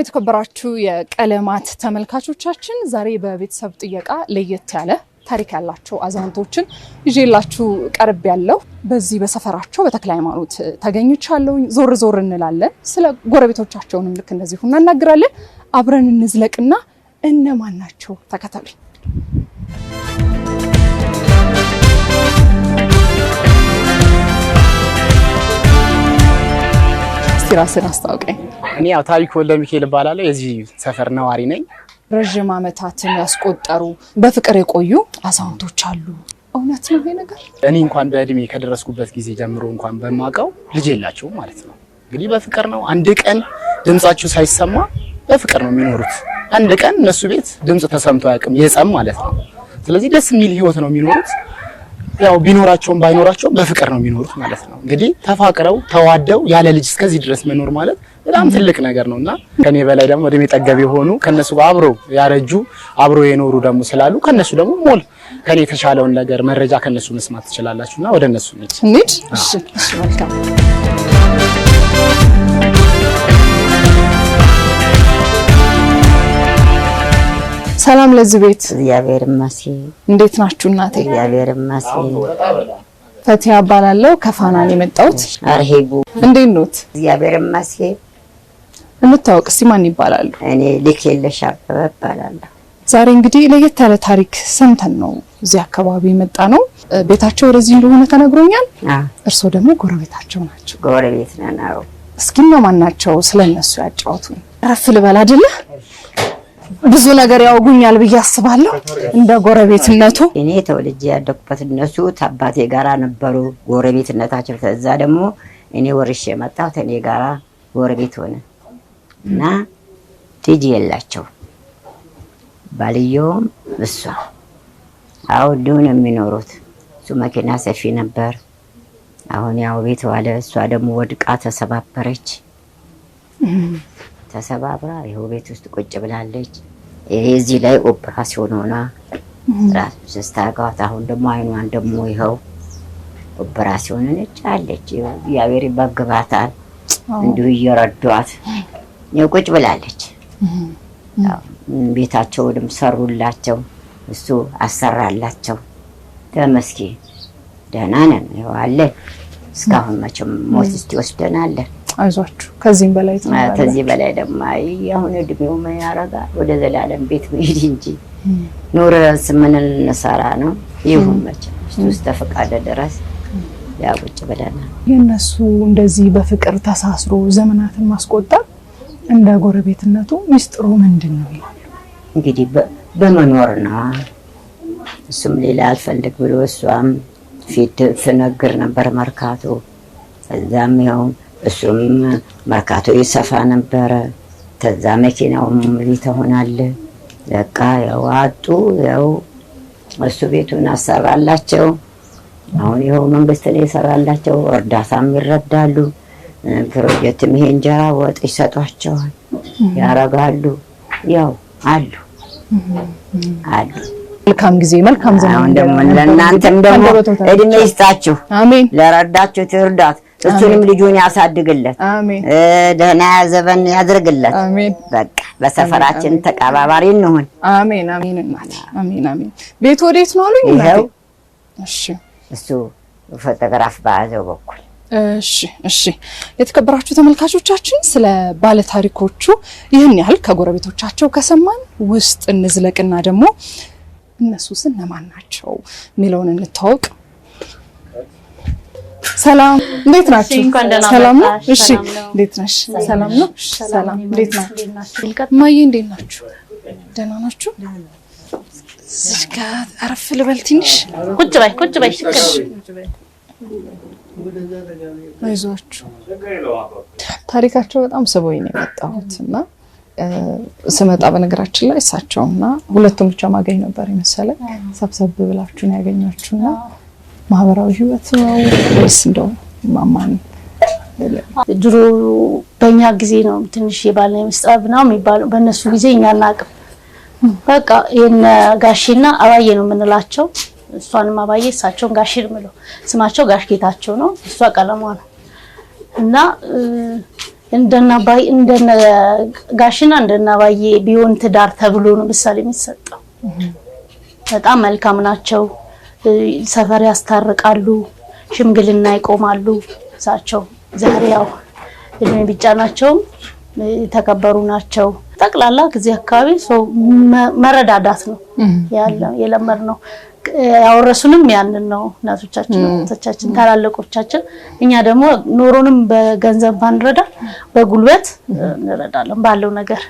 ሰላም የተከበራችሁ የቀለማት ተመልካቾቻችን፣ ዛሬ በቤተሰብ ጥየቃ ለየት ያለ ታሪክ ያላቸው አዛውንቶችን ይዤላችሁ ቀርብ ያለው በዚህ በሰፈራቸው በተክለ ሃይማኖት ተገኝቻለሁ። ዞር ዞር እንላለን። ስለ ጎረቤቶቻቸውንም ልክ እንደዚሁ እናናግራለን። አብረን እንዝለቅና እነማን ናቸው? ተከተሉኝ። እስኪ ራስን አስታውቀኝ። እኔ ያው ታሪክ ወልደ ሚካኤል እባላለሁ። የዚህ ሰፈር ነዋሪ ነኝ። ረዥም ዓመታትን ያስቆጠሩ በፍቅር የቆዩ አዛውንቶች አሉ። እውነት ነው ይሄ ነገር? እኔ እንኳን በእድሜ ከደረስኩበት ጊዜ ጀምሮ እንኳን በማውቀው ልጅ የላቸውም ማለት ነው። እንግዲህ በፍቅር ነው። አንድ ቀን ድምጻቸው ሳይሰማ በፍቅር ነው የሚኖሩት። አንድ ቀን እነሱ ቤት ድምጽ ተሰምቶ አያውቅም፣ የጸም ማለት ነው። ስለዚህ ደስ የሚል ህይወት ነው የሚኖሩት። ያው ቢኖራቸውም ባይኖራቸውም በፍቅር ነው የሚኖሩት ማለት ነው። እንግዲህ ተፋቅረው ተዋደው ያለ ልጅ እስከዚህ ድረስ መኖር ማለት በጣም ትልቅ ነገር ነው እና ከኔ በላይ ደግሞ እድሜ ጠገብ የሆኑ ከነሱ ጋር አብረው ያረጁ አብረው የኖሩ ደግሞ ስላሉ ከነሱ ደግሞ ሞል ከኔ የተሻለውን ነገር መረጃ ከነሱ መስማት ትችላላችሁ እና ወደ እነሱ ሰላም ለዚህ ቤት። እግዚአብሔር ይመስገን። እንዴት ናችሁ እናቴ? እግዚአብሔር ይመስገን። ፈቲያ እባላለሁ ከፋና ነው የመጣሁት። አርሄጉ እንዴት ኖት? እግዚአብሔር ይመስገን። እንታወቅ እስቲ ማን ይባላሉ? እኔ ልክ የለሽ አበበ እባላለሁ። ዛሬ እንግዲህ ለየት ያለ ታሪክ ሰምተን ነው እዚህ አካባቢ የመጣ ነው። ቤታቸው ወደዚህ እንደሆነ ተነግሮኛል። እርስዎ ደግሞ ጎረቤታቸው ናቸው? ጎረቤት ነን። አዎ። እስኪ እነማን ናቸው? ስለነሱ ያጫወቱ። ረፍ ልበል አይደለ? ብዙ ነገር ያውጉኛል ብዬ አስባለሁ። እንደ ጎረቤትነቱ እኔ ተወልጄ ያደኩበት እነሱ አባቴ ጋራ ነበሩ ጎረቤትነታቸው። ከዛ ደግሞ እኔ ወርሼ የመጣሁ እኔ ጋራ ጎረቤት ሆነ እና ልጅ የላቸው ባልየውም እሷ ድሁን የሚኖሩት እሱ መኪና ሰፊ ነበር። አሁን ያው ቤት ዋለ። እሷ ደግሞ ወድቃ ተሰባበረች። ተሰባብራ ይኸው ቤት ውስጥ ቁጭ ብላለች። ይሄ ላይ ኦፕራሲዮን ሆና ራስ ስታጋት አሁን ደግሞ አይኗን ደግሞ ይኸው ኦፕራሲዮን አለች። እግዚአብሔር ይመግባታል። እንዲሁ እየረዷት ቁጭ ብላለች። ቤታቸውንም ሰሩላቸው፣ እሱ አሰራላቸው። ተመስገን ደህና ነን። ይኸው አለን እስካሁን መቼም ሞት እስኪወስደን አለን። አይዟችሁ ከዚህም በላይ ከዚህ በላይ ደግሞ አሁን እድሜው ምን ያደርጋል ወደ ዘላለም ቤት መሄድ እንጂ ኑረ ስምን እንሰራ ነው። ይሁን መቼም ውስጥ ተፈቃደ ድረስ ያው ቁጭ ብለናል። የእነሱ እንደዚህ በፍቅር ተሳስሮ ዘመናትን ማስቆጠር እንደ ጎረቤትነቱ ሚስጥሩ ምንድን ነው ይላሉ። እንግዲህ በመኖር ነው። እሱም ሌላ አልፈልግ ብሎ እሷም ፊት ትነግር ነበር መርካቶ እዛም ይኸው እሱም መርካቶ ይሰፋ ነበረ። ከዛ መኪናውም ሊተ ሆናል። በቃ ያው አጡ። ያው እሱ ቤቱን አሰራላቸው። አሁን ይኸው መንግስት ነው የሰራላቸው። እርዳታም ይረዳሉ። ፕሮጀክትም ይሄ እንጀራ ወጥ ይሰጧቸዋል፣ ያረጋሉ። ያው አሉ አሉ። መልካም ጊዜ መልካም ዘመን። አሁን ደግሞ ለእናንተም ደግሞ እድሜ ይስጣችሁ። አሜን። ለረዳችሁት እርዳት እሱንም ልጁን ያሳድግለት፣ ደህና ያዘበን ያድርግለት። በቃ በሰፈራችን ተቀባባሪ እንሁን። አሜን አሜን። አሜን አሜን። ቤት ወዴት ነው አሉኝ። ይኸው እሺ፣ እሱ ፎቶግራፍ በያዘው በኩል እሺ እሺ። የተከበራችሁ ተመልካቾቻችን ስለ ባለታሪኮቹ ይህን ያህል ከጎረቤቶቻቸው ከሰማን ውስጥ እንዝለቅና ደግሞ እነሱስ እነማን ናቸው የሚለውን እንታወቅ። ሰላም እንዴት ናችሁ? ሰላም ነው። እሺ እንዴት ነሽ? ሰላም ነው። ሰላም እንዴት ናችሁ? እማዬ እንዴት ናችሁ? ደህና ናችሁ? እዚህ ጋር አረፍ ልበል ትንሽ። ቁጭ በይ ቁጭ በይ። አይዟችሁ። ታሪካቸው በጣም ስቦኝ ነው የመጣሁት እና ስመጣ በነገራችን ላይ እሳቸውና ሁለቱም ብቻ ማገኝ ነበር የመሰለኝ ሰብሰብ ብላችሁ ነው ያገኛችሁና ማህበራዊ ህይወት ነው ወይስ እንደው ማማን ድሮ በእኛ ጊዜ ነው ትንሽ የባልና የምስጠብ ነው የሚባለው። በእነሱ ጊዜ እኛ እናቅም። በቃ ይህን ጋሼና አባዬ ነው የምንላቸው። እሷንም አባዬ እሳቸውን ጋሼ የምለው ስማቸው ጋሽ ጌታቸው ነው። እሷ ቀለሟ ነው እና እንደነ አባዬ እንደነ ጋሽና እንደነ ቢሆን ትዳር ተብሎ ነው ምሳሌ የሚሰጠው። በጣም መልካም ናቸው። ሰፈር ያስታርቃሉ፣ ሽምግልና ይቆማሉ። እሳቸው ዛሬ ያው እድሜ ቢጫ ናቸው፣ የተከበሩ ናቸው። ጠቅላላ እዚህ አካባቢ ሰው መረዳዳት ነው ያለው የለመድ ነው። ያወረሱንም ያንን ነው እናቶቻችን፣ አባቶቻችን፣ ታላለቆቻችን። እኛ ደግሞ ኑሮንም በገንዘብ ባንረዳ በጉልበት እንረዳለን ባለው ነገር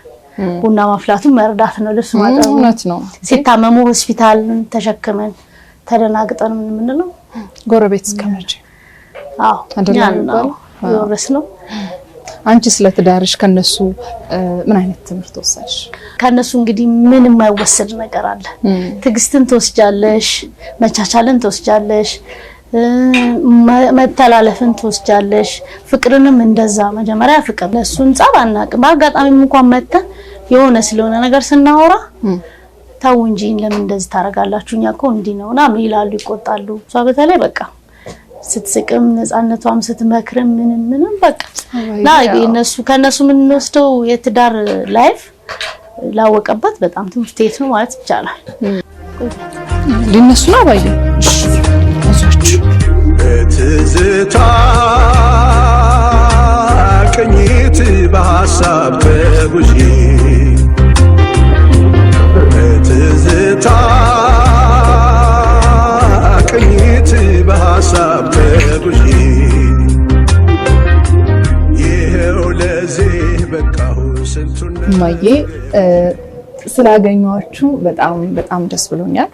ቡና ማፍላቱ መርዳት ነው። ልብስ ማጠብ ነው። ሲታመሙ ሆስፒታል ተሸክመን ተደናግጠን የምንለው ጎረቤት እስከመቼ የወረስ ነው። አንቺ ስለ ትዳርሽ ከነሱ ምን አይነት ትምህርት ወሰድሽ? ከነሱ እንግዲህ ምን የማይወሰድ ነገር አለ? ትዕግስትን ትወስጃለሽ፣ መቻቻልን ትወስጃለሽ፣ መተላለፍን ትወስጃለሽ፣ ፍቅርንም እንደዛ። መጀመሪያ ፍቅር ለእሱን ጻብ አናውቅም። በአጋጣሚም እንኳን መተን የሆነ ስለሆነ ነገር ስናወራ ተው እንጂ ለምን እንደዚህ ታደርጋላችሁ? እኛ እኮ እንዲህ ነው እና ይላሉ፣ ይቆጣሉ። እሷ በተለይ በቃ ስትስቅም ነፃነቷም ስትመክርም ምንም ምንም በቃ እና እነሱ ከእነሱ የምንወስደው የትዳር ላይፍ ላወቀበት በጣም ትምህርት ቤት ነው ማለት ይቻላል። ሊነሱ ነው ባየ ትዝታ ቅኝት በሀሳብ ተጉዢ እማዬ ስላገኟችሁ በጣም በጣም ደስ ብሎኛል።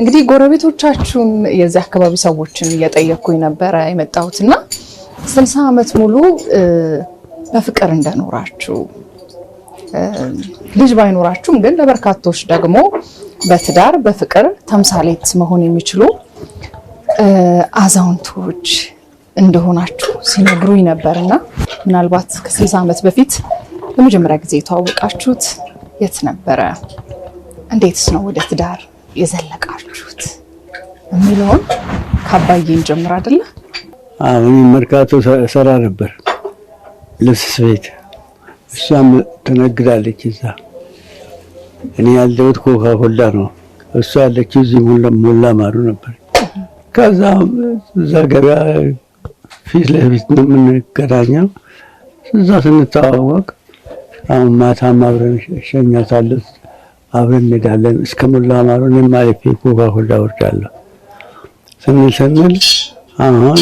እንግዲህ ጎረቤቶቻችሁን የዚህ አካባቢ ሰዎችን እየጠየቅኩኝ ነበረ የመጣሁት እና ስልሳ ዓመት ሙሉ በፍቅር እንደኖራችሁ ልጅ ባይኖራችሁም ግን ለበርካቶች ደግሞ በትዳር በፍቅር ተምሳሌት መሆን የሚችሉ አዛውንቶች እንደሆናችሁ ሲነግሩኝ ነበርና ምናልባት ከስልሳ ዓመት በፊት ለመጀመሪያ ጊዜ የተዋወቃችሁት የት ነበረ? እንዴትስ ነው ወደ ትዳር የዘለቃችሁት የሚለውን ከአባዬ ጀምር አይደለ? መርካቶ ሰራ ነበር ልብስ ቤት። እሷም ትነግዳለች እዛ። እኔ ያለሁት ኮካ ኮላ ነው። እሷ ያለችው እዚህ ሞላ ማሩ ነበር። ከዛ እዛ ገበያ ፊት ለፊት ነው የምንገናኘው። እዛ ስንተዋወቅ አሁን ማታም አብረን እሸኛታለሁ፣ አብረን እንሄዳለን እስከ ሙላ ማሩ። እኔም አልፌ ኮካ ኮላ ወርዳለሁ። ስንል ስንል አሁን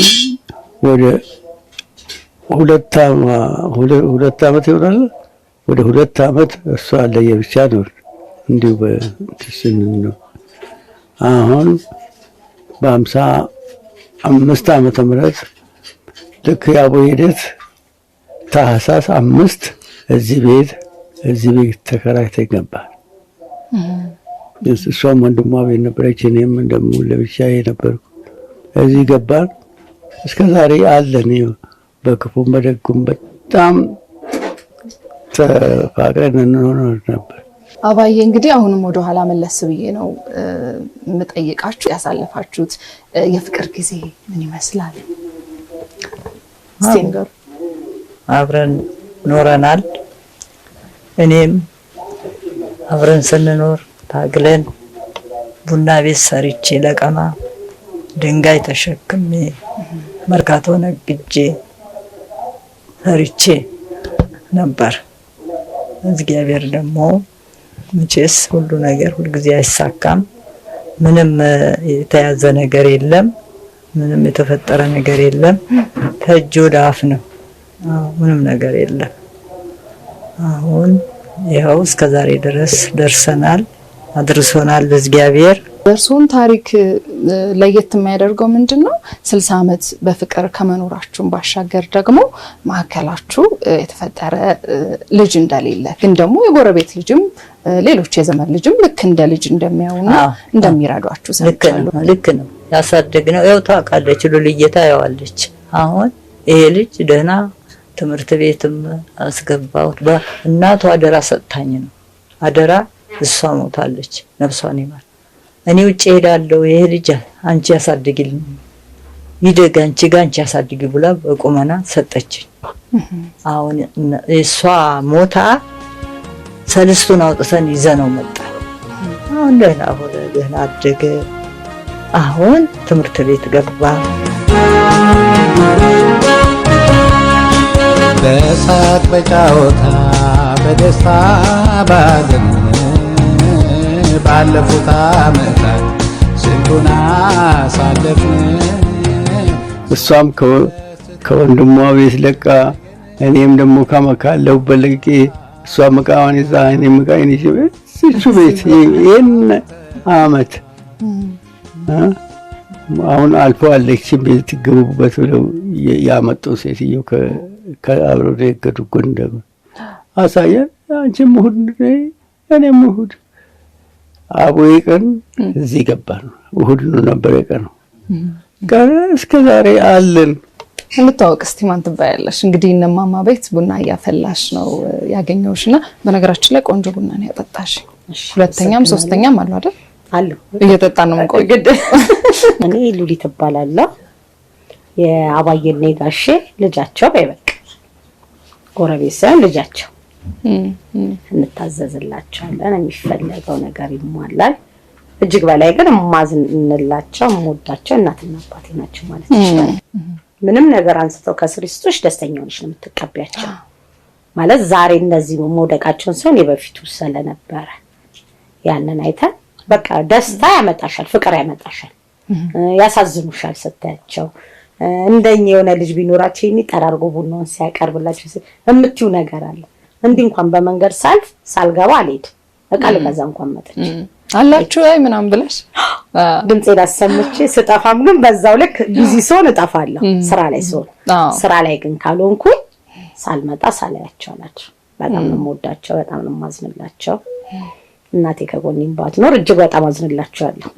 ወደ ሁለት ዓመት ይሆናል። ወደ ሁለት ዓመት እሷ ለየብቻ ነው እንዲሁ በትስን ነው። አሁን በአምሳ አምስት ዓመተ ምህረት ልክ የአቦ ሂደት ታህሳስ አምስት እዚህ ቤት እዚህ ቤት ተከራይታ ይገባል። እሷም ወንድሟ ቤት ነበረች፣ እኔም ደግሞ ለብቻዬ ነበርኩ። እዚህ ገባን። እስከ ዛሬ አለን። በክፉም በደጉም በጣም ተፋቅረን እንኖር ነበር። አባዬ እንግዲህ አሁንም ወደ ኋላ መለስ ብዬ ነው የምጠይቃችሁ። ያሳለፋችሁት የፍቅር ጊዜ ምን ይመስላል? አብረን ኖረናል። እኔም አብረን ስንኖር ታግለን ቡና ቤት ሰርቼ ለቀማ ድንጋይ ተሸክሜ መርካቶ ነግጄ ሰርቼ ነበር። እግዚአብሔር ደግሞ መቼስ ሁሉ ነገር ሁልጊዜ አይሳካም። ምንም የተያዘ ነገር የለም። ምንም የተፈጠረ ነገር የለም። ከእጅ ወደ አፍ ነው። ምንም ነገር የለም። አሁን ይኸው እስከ ዛሬ ድረስ ደርሰናል፣ አድርሶናል እግዚአብሔር። የእርስዎን ታሪክ ለየት የሚያደርገው ምንድን ነው? ስልሳ ዓመት በፍቅር ከመኖራችሁን ባሻገር ደግሞ መካከላችሁ የተፈጠረ ልጅ እንደሌለ ግን ደግሞ የጎረቤት ልጅም ሌሎች የዘመን ልጅም ልክ እንደ ልጅ እንደሚያዩና እንደሚረዷችሁ ሰምቻለሁ። ልክ ነው ያሳደግነው። ያው ታውቃለች፣ ሉልዬ ታየዋለች። አሁን ይሄ ልጅ ደህና ትምህርት ቤትም አስገባሁት። እናቱ አደራ ሰጥታኝ ነው። አደራ እሷ ሞታለች፣ ነፍሷን ይማር። እኔ ውጭ ሄዳለሁ፣ ይሄ ልጅ አንቺ ያሳድግልኝ፣ ይደግ አንቺ ጋር አንቺ ያሳድግ ብላ በቁመና ሰጠችኝ። አሁን እሷ ሞታ ሰልስቱን አውጥተን ይዘነው መጣ። አሁን ደህና ሆነ፣ ደህና አደገ። አሁን ትምህርት ቤት ገባ። በሳቅ በጫወታ በደስታ ባዘን ባለፉት ዓመታት ስንቱን አሳለፍን። እሷም ከወንድሟ ቤት ለቃ እኔም ደግሞ እሷ ይዛ እሱ ቤት ይህን አመት አሁን አልፈዋለች ቤት ትገቡበት ብለው ያመጡ ሴትዮ አብረው ደገዱ እኮ እንደምን አሳየን። አንቺ እሑድ እኔም እሑድ አቦይ ቀን እዚህ ገባ ነው። እሑድ ነበር የቀኑ ጋር እስከ ዛሬ አለን። የምታወቅ እስቲ ማን ትባያለሽ? እንግዲህ እነማማ ቤት ቡና እያፈላሽ ነው ያገኘሁሽ እና በነገራችን ላይ ቆንጆ ቡና ነው ያጠጣሽ። ሁለተኛም ሶስተኛም አሉ አይደል? አሉ እየጠጣ ነው የምንቆይ። እኔ ሉሊት እባላለሁ የአባየኔ ጋሼ ልጃቸው በይበልጥ ጎረቤት ሳይሆን ልጃቸው እንታዘዝላቸዋለን። የሚፈለገው ነገር ይሟላል። እጅግ በላይ ግን የማዝንላቸው የምወዳቸው እናትና አባቴ ናቸው ማለት ይችላል። ምንም ነገር አንስተው ከስሪስቶች ይስጡሽ ደስተኛ ሆነሽ ነው የምትቀቢያቸው። ማለት ዛሬ እነዚህ መውደቃቸውን ሰውን የበፊቱ ስለነበረ ያንን አይተን በቃ ደስታ ያመጣሻል፣ ፍቅር ያመጣሻል፣ ያሳዝኑሻል ስታያቸው እንደኛ የሆነ ልጅ ቢኖራቸው ይሄን ጠራርጎ ቡናውን ሲያቀርብላቸው የምትዩ ነገር አለ። እንዲህ እንኳን በመንገድ ሳልፍ ሳልገባ አልሄድም። እቃ ልገዛ እንኳን መጥቼ አላችሁ አይ ምናምን ብለሽ ድምፄ ላሰምቼ ስጠፋም ግን በዛው ልክ ቢዚ ስሆን እጠፋለሁ። ስራ ላይ ስሆን ስራ ላይ ግን ካልሆንኩኝ ሳልመጣ ሳላያቸው ናቸው። በጣም ነው የምወዳቸው፣ በጣም ነው የማዝንላቸው። እናቴ ከጎኔም ባትኖር እጅግ በጣም አዝንላቸዋለሁ።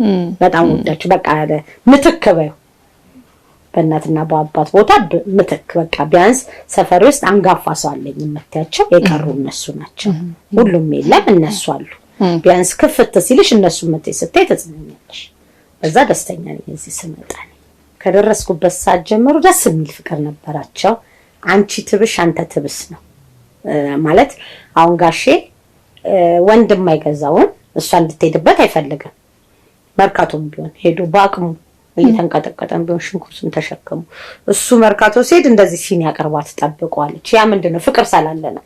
በጣም ወዳቸው በቃ ምትክ በይው በእናትና በአባት ቦታ ምትክ በቃ ቢያንስ ሰፈር ውስጥ አንጋፋ ሰው አለኝ የምትያቸው የቀሩ እነሱ ናቸው። ሁሉም የለም እነሱ አሉ። ቢያንስ ክፍት ሲልሽ እነሱ ምት ስታይ ተጽናኛለሽ። በዛ ደስተኛ ነኝ። እዚህ ስመጣ ከደረስኩበት ሰዓት ጀምሮ ደስ የሚል ፍቅር ነበራቸው። አንቺ ትብሽ አንተ ትብስ ነው ማለት አሁን ጋሼ ወንድም አይገዛውን እሷ እንድትሄድበት አይፈልግም። መርካቶም ቢሆን ሄዱ በአቅሙ እየተንቀጠቀጠን ቢሆን ሽንኩርቱን ተሸከሙ። እሱ መርካቶ ሲሄድ እንደዚህ ሲኒ ያቀርባት ትጠብቀዋለች። ያ ምንድን ነው ፍቅር ስላለ ነው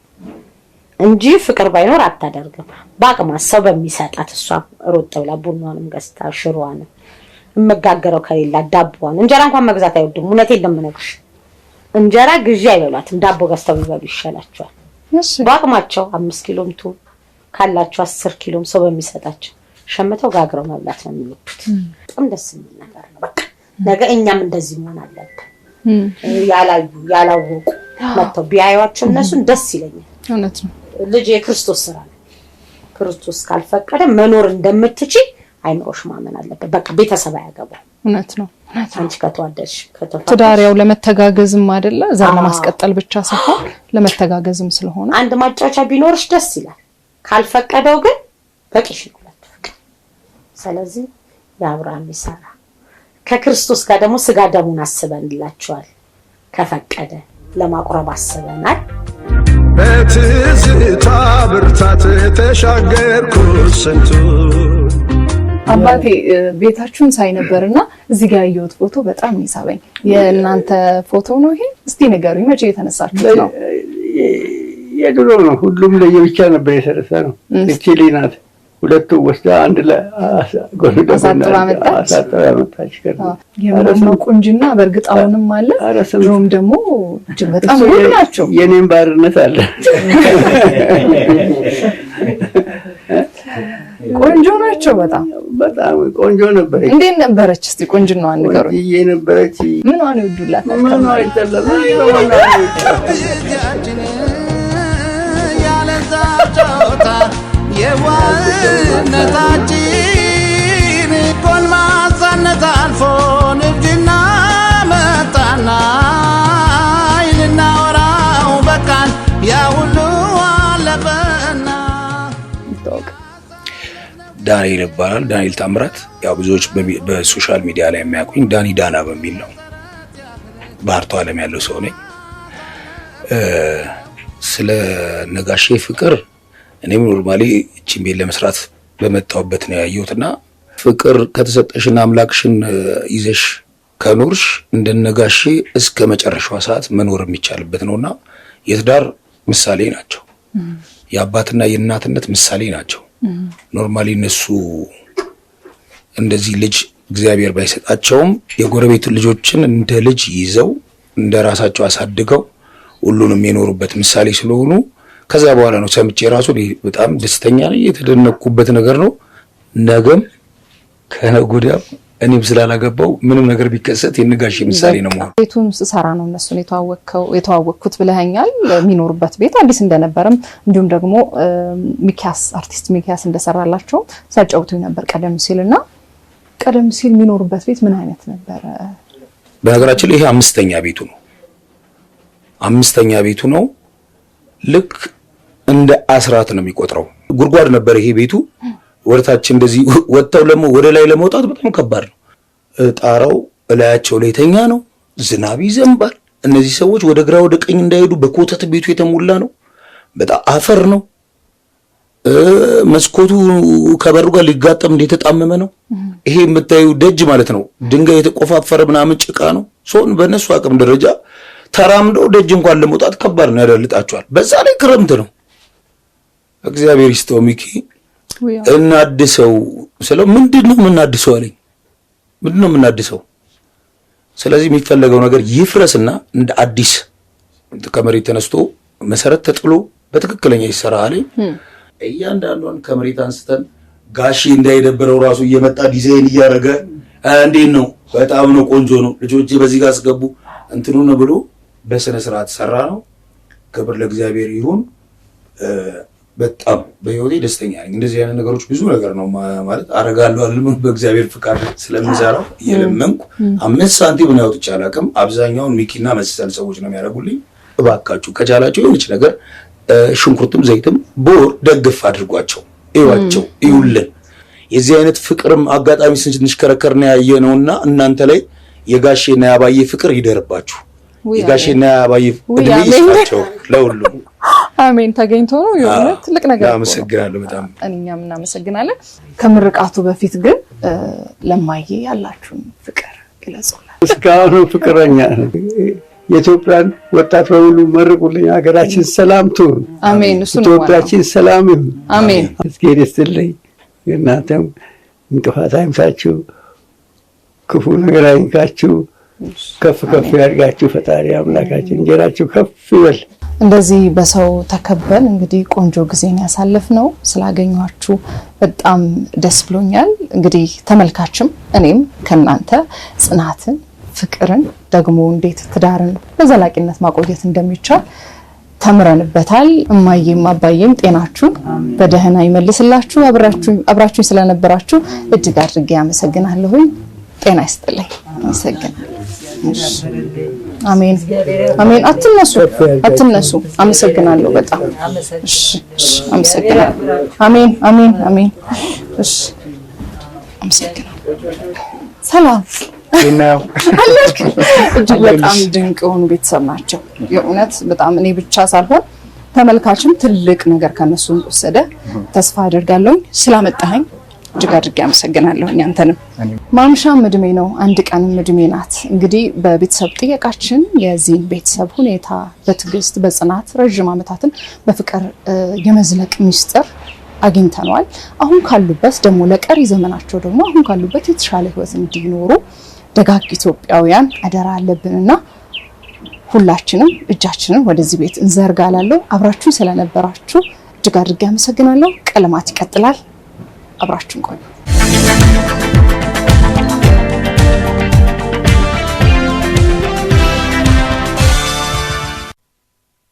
እንጂ ፍቅር ባይኖር አታደርግም። በአቅማ ሰው በሚሰጣት እሷ ሮጥ ብላ ቡናንም ገዝታ ሽሮዋንም የምጋገረው ከሌላ ዳቦዋን እንጀራ እንኳን መግዛት አይወድም። እውነቴን እንደምነግርሽ እንጀራ ግዢ አይበሏትም። ዳቦ ገዝተው ቢበሉ ይሻላቸዋል። በአቅማቸው አምስት ኪሎም ቱ ካላቸው አስር ኪሎም ሰው በሚሰጣቸው ሸምተው ጋግረው መብላት ነው የሚወዱት። በጣም ደስ የሚል ነገር ነው። በቃ ነገ እኛም እንደዚህ መሆን አለብን። ያላዩ ያላወቁ መጥተው ቢያዩቸው እነሱን ደስ ይለኛል። እውነት ነው። ልጅ የክርስቶስ ስራ ነው። ክርስቶስ ካልፈቀደ መኖር እንደምትችል አይምሮሽ ማመን አለበት። በቃ ቤተሰብ አያገባው። እውነት ነው። አንቺ ከተዋደድሽ ትዳር ያው ለመተጋገዝም አይደለ እዛ ለማስቀጠል ብቻ ሳይሆን ለመተጋገዝም ስለሆነ አንድ ማጫወቻ ቢኖርሽ ደስ ይላል። ካልፈቀደው ግን በቂሽ ነው። ስለዚህ የአብርሃም ይሰራ ከክርስቶስ ጋር ደግሞ ስጋ ደሙን አስበንላቸዋል። ከፈቀደ ለማቁረብ አስበናል። በትዝታ ብርታት ተሻገርኩ ስንቱ አባቴ ቤታችሁን ሳይ ነበርና እዚህ ጋር ያየሁት ፎቶ በጣም ይሳበኝ። የእናንተ ፎቶ ነው ይሄ? እስቲ ነገሩ መቼ የተነሳችሁት ነው? የድሮ ነው። ሁሉም ለየብቻ ነበር የተነሳ ነው። እቺ ልጅ ሁለቱ ወስዳ አንድ ላይ አሳጥራ መጣች። ቁንጅና በእርግጥ አሁንም አለ። ድሮም ደግሞ እጅግ በጣም ውብ ናቸው። የኔም ባርነት አለ። ቆንጆ ናቸው። በጣም በጣም ቆንጆ ነበረች። እንዴት ነበረች? እስቲ ቆንጅናዋ ንገሩኝ። ነበረች ምኗን ይወዱላት? የዋህነታችን ጎልማሳነት አልፎ ንብድና መጣና ይልናወራው በቃን ያ ሁሉ አለፈና። ዳንኤል ይባላል። ዳንኤል ታምራት ያው ብዙዎች በሶሻል ሚዲያ ላይ የሚያውቁኝ ዳኒ ዳና በሚል ነው። ባህርቷ ዓለም ያለው ሰው ነኝ። ስለ ነጋሼ ፍቅር እኔም ኖርማሊ እቺን ቤት ለመስራት በመጣሁበት ነው ያየሁት እና ፍቅር ከተሰጠሽን አምላክሽን ይዘሽ ከኖርሽ እንደነጋሽ እስከ መጨረሻዋ ሰዓት መኖር የሚቻልበት ነውና የትዳር ምሳሌ ናቸው። የአባትና የእናትነት ምሳሌ ናቸው። ኖርማሊ እነሱ እንደዚህ ልጅ እግዚአብሔር ባይሰጣቸውም የጎረቤት ልጆችን እንደ ልጅ ይዘው እንደ ራሳቸው አሳድገው ሁሉንም የኖሩበት ምሳሌ ስለሆኑ ከዛ በኋላ ነው ሰምቼ ራሱ በጣም ደስተኛ ነኝ። የተደነቅኩበት ነገር ነው። ነገም ከነገ ወዲያም እኔም ስላላገባው ምንም ነገር ቢከሰት የነጋሽ ምሳሌ ነው። ማለት ቤቱን ስሰራ ነው እነሱን የተዋወቅኩት ብለኸኛል። የሚኖሩበት ቤት አዲስ እንደነበረም እንዲሁም ደግሞ ሚኪያስ አርቲስት ሚኪያስ እንደሰራላቸው ሲያጫውቱኝ ነበር ቀደም ሲል እና ቀደም ሲል የሚኖሩበት ቤት ምን አይነት ነበረ? በነገራችን ላይ ይሄ አምስተኛ ቤቱ ነው። አምስተኛ ቤቱ ነው ልክ እንደ አስራት ነው የሚቆጥረው። ጉድጓድ ነበር ይሄ ቤቱ። ወደታች እንደዚህ ወጥተው ለሞ ወደ ላይ ለመውጣት በጣም ከባድ ነው። ጣራው እላያቸው ላይ ተኛ ነው። ዝናብ ይዘንባል። እነዚህ ሰዎች ወደ ግራ ወደ ቀኝ እንዳይሄዱ በኮተት ቤቱ የተሞላ ነው። በጣም አፈር ነው። መስኮቱ ከበሩ ጋር ሊጋጠም እንደተጣመመ ነው። ይሄ የምታዩ ደጅ ማለት ነው። ድንጋይ የተቆፋፈረ ምናምን ጭቃ ነው። ሰውን በእነሱ አቅም ደረጃ ተራምዶ ደጅ እንኳን ለመውጣት ከባድ ነው፣ ያደልጣቸዋል። በዛ ላይ ክረምት ነው። እግዚአብሔር ይስጠው ሚኪ እናድሰው ስለው ምንድን ነው የምናድሰው አለኝ። ምንድን ነው የምናድሰው? ስለዚህ የሚፈለገው ነገር ይፍረስና እንደ አዲስ ከመሬት ተነስቶ መሰረት ተጥሎ በትክክለኛ ይሰራ አለኝ። እያንዳንዷን ከመሬት አንስተን ጋሺ እንዳይደበረው ራሱ እየመጣ ዲዛይን እያደረገ እንዴት ነው በጣም ነው ቆንጆ ነው ልጆቼ በዚህ ጋር አስገቡ እንትኑን ብሎ በስነ ስርዓት ሰራ ነው። ክብር ለእግዚአብሔር ይሁን። በጣም በህይወቴ ደስተኛ ነኝ። እንደዚህ አይነት ነገሮች ብዙ ነገር ነው ማለት አረጋለሁ አልም በእግዚአብሔር ፍቃድ ስለምሰራው እየለመንኩ አምስት ሳንቲም ነው ያወጡች አላውቅም። አብዛኛውን ሚኪና መሰል ሰዎች ነው የሚያደርጉልኝ። እባካችሁ ከቻላቸው የሆነች ነገር ሽንኩርትም ዘይትም ቦር ደግፍ አድርጓቸው፣ እዩዋቸው፣ እዩልን። የዚህ አይነት ፍቅርም አጋጣሚ ስንሽከረከር ነው ያየ ነውና እናንተ ላይ የጋሼና ያባዬ ፍቅር ይደርባችሁ። የጋሼና አባዬ እድሜ ይስጣቸው ለሁሉም። አሜን። ተገኝቶ ነው የሆነ ትልቅ ነገር። አመሰግናለሁ በጣም እኛም እናመሰግናለን። ከምርቃቱ በፊት ግን ለማየ ያላችሁን ፍቅር ግለጹላል። እስካሁኑ ፍቅረኛ የኢትዮጵያን ወጣት በሙሉ መርቁልኝ። ሀገራችን ሰላም ትሁን። አሜን። ኢትዮጵያችን ሰላም ይሁን። አሜን። እስጌድ ስትልኝ እናንተም እንቅፋት አይምታችሁ፣ ክፉ ነገር አይንካችሁ። ከፍ ከፍ ያድርጋችሁ ፈጣሪ አምላካችን፣ እንጀራችሁ ከፍ ይበል። እንደዚህ በሰው ተከበን እንግዲህ ቆንጆ ጊዜን ያሳለፍ ነው። ስላገኟችሁ በጣም ደስ ብሎኛል። እንግዲህ ተመልካችም እኔም ከእናንተ ጽናትን፣ ፍቅርን ደግሞ እንዴት ትዳርን በዘላቂነት ማቆየት እንደሚቻል ተምረንበታል። እማዬም አባዬም ጤናችሁ በደህና ይመልስላችሁ። አብራችሁኝ ስለነበራችሁ እጅግ አድርጌ ያመሰግናለሁኝ። ጤና ይስጥልኝ። አመሰግናለሁ። አሜን አሜን። አትነሱ አትነሱ። አመሰግናለሁ በጣም እሺ፣ እሺ፣ አመሰግናለሁ። አሜን አሜን አሜን። እሺ አመሰግናለሁ አሜን አመሰግናለሁ። ሰላም አለክ። እጅግ በጣም ድንቅ የሆኑ ቤተሰብ ናቸው። የእውነት በጣም እኔ ብቻ ሳልሆን ተመልካችም ትልቅ ነገር ከነሱ ወሰደ ተስፋ አደርጋለሁ ስላመጣኸኝ እጅግ አድርጌ አመሰግናለሁ። እኛንተንም ማምሻም እድሜ ነው፣ አንድ ቀንም እድሜ ናት። እንግዲህ በቤተሰብ ጥየቃችን የዚህን ቤተሰብ ሁኔታ በትዕግስት በጽናት ረዥም ዓመታትን በፍቅር የመዝለቅ ሚስጥር አግኝተነዋል። አሁን ካሉበት ደግሞ ለቀሪ ዘመናቸው ደግሞ አሁን ካሉበት የተሻለ ህይወት እንዲኖሩ ደጋግ ኢትዮጵያውያን አደራ አለብንና ሁላችንም እጃችንን ወደዚህ ቤት እንዘርጋላለሁ። አብራችሁ ስለነበራችሁ እጅግ አድርጌ አመሰግናለሁ። ቀለማት ይቀጥላል። አብራችሁን ቆዩ።